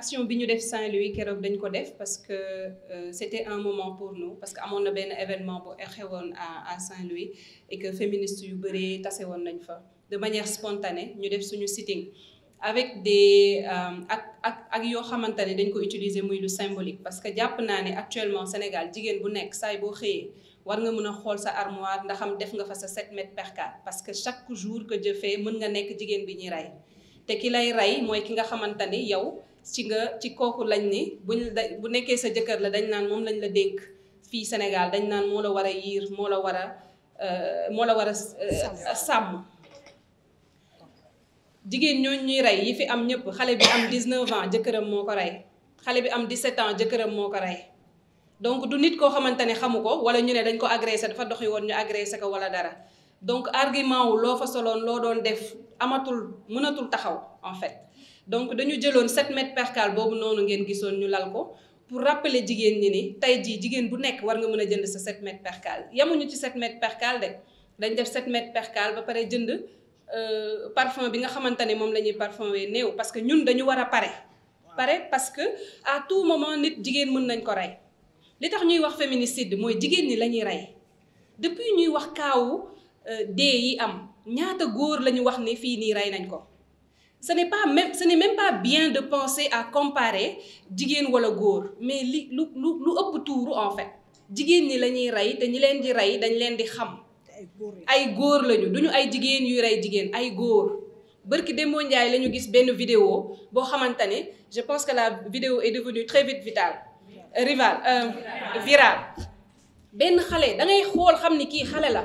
action biñu def Saint-Louis keroog dañ ko def parce que euh, c'était un moment pour nous parce que amoon na événement bu xewoon à à Saint-Louis et que féministes yu bëri tassé won nañ fa de manière spontanée ñu def suñu sitting avec des euh, ak ak ak yoo dañ ko utiliser muy lu symbolique parce que japp naa actuellement Sénégal jigen bu nekk say bo xëyee war nga mëna xol sa armoire ndax am def nga fa sa 7 mètres par 4 parce que chaque jour que je fais mën nga nekk jigen bi ñi ray té ki lay ray moy ki nga xamante yow ci nga ci kooku lañ ni buñ bu nekkee sa jëkkër la dañ naan moom lañ la dénk fii Sénégal dañ naan moo la war a yiir moo la war a euh, moo la war a euh, sàmm jigéen ñooñu ñuy rey yi fi am ñëpp xale bi am 19 ans jëkkëram moo ko rey am 17 jëkkëram moo ko rey donc du nit koo xamante ne xamu ko wala ñu ne dañ ko agressé dafa doxi woon ñu agressé ko wala dara donc argument wu loo fa soloon loo doon def amatul mënatul taxaw en fait donc dañu jëloon 7 mètres percale bobu noonu ngeen gissone ñu lal ko pour rappeler jigen ñi ni tey jii jigéen bu nek war nga mëna jënd sa 7 mètres percale yemuñu ci 7 mètres percale de dañ def 7 mètres percale ba paré jënd euh, parfum bi nga xamantane mom lañuy la ñuy parfumé néew parce que ñun dañu wara paré pare pare parce que à tout moment nit jigen mën nañ ko ray li tax ñuy wax féminicide moy jigen ñi lañuy ray depuis ñuy wax kaawu euh, dé yi am ñaata goor la wax ni fi ni ray nañ ko ce n'est pas même ce n'est même pas bien de penser à comparer jigéen wala gor mais li lu lu lu ëpp tour en fait jigéen ni lañuy ray rey te ñi leen di ray dañ leen di xam ay gor lañu duñu ay jigéen yu ray jigéen ay gor barki Dembo Ndiaye la gis benn vidéo bo xamantane je pense que la vidéo est devenue très vite vitale rival euh, viral. Ben xale da ngay xol xamni ki xalé la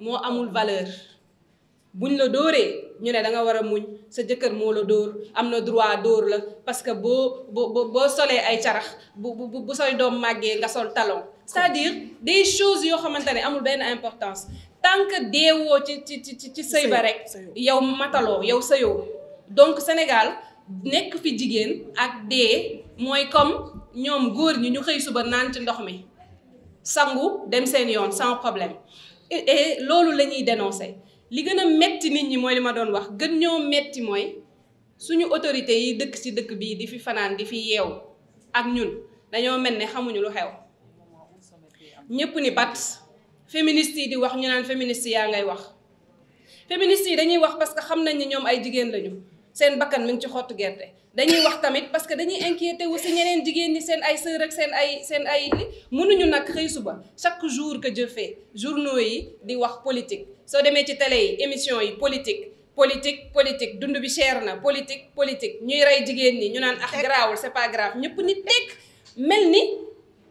mo amul valeur buñ la ñu da nga wara a muñ sa la droit parce que bo bo bo solee ay carax bu bu bu doom maggé nga talon c'est-à-dire des choses yo amul importance tant que vous ci ci ci ci sëy ba rek yow matalo donc Sénégal nekk fi ak dé moy comme ñom goor ñi ñu xey sangu sans problème et loolu lañuy ñuy li gën a metti nit ñi mooy li ma doon wax gën ñoo metti mooy suñu autorité yi dëkk ci dëkk bii di fi fanaan di fi yeew ak ñun dañoo mel ni xamuñu lu xew ñëpp ni bat féministes yi di wax ñu naan féministes yaa ngay wax féministes yi dañuy wax parce que xam nañ ni ñoom ay jigéen lañu seen bakkan mu ngi ci xottu gerte dañuy wax tamit parce que dañuy inquiété wu si ñeneen jigéen ñi seen ay sœur ak seen ay seen ay mënuñu nag xëy suba chaque jour que je fais journaux yi di wax politique soo demee ci tele yi émission yi politique politique politique dund bi cher na politique politique ñuy rey jigéen ñi ñu naan ax ah, garaawul c'est pas grave ñëpp ni tekk mel ni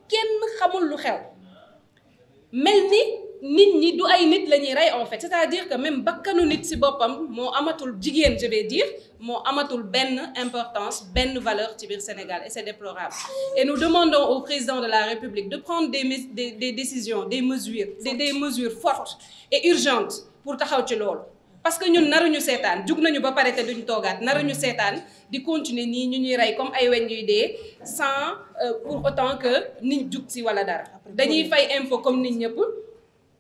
kenn xamul lu xew mel ni nit ñi du ay nit lañuy ray en fait c'est-à-dire que même si nit ci bopam mo amatul jigen je vais dire mo amatul ben importance ben valeur ci bir Sénégal et c'est déplorable et nous demandons au président de la République de prendre des décisions des mesures des, mesures fortes et urgentes pour taxaw ci parce que ñun naruñu sétane jug nañu ba pare te duñ togat naruñu sétane di continuer ni ñu ñuy ray comme ay weñ fait, sans euh, pour autant que nit jug ci wala dara dañuy fay info comme nit ñëpp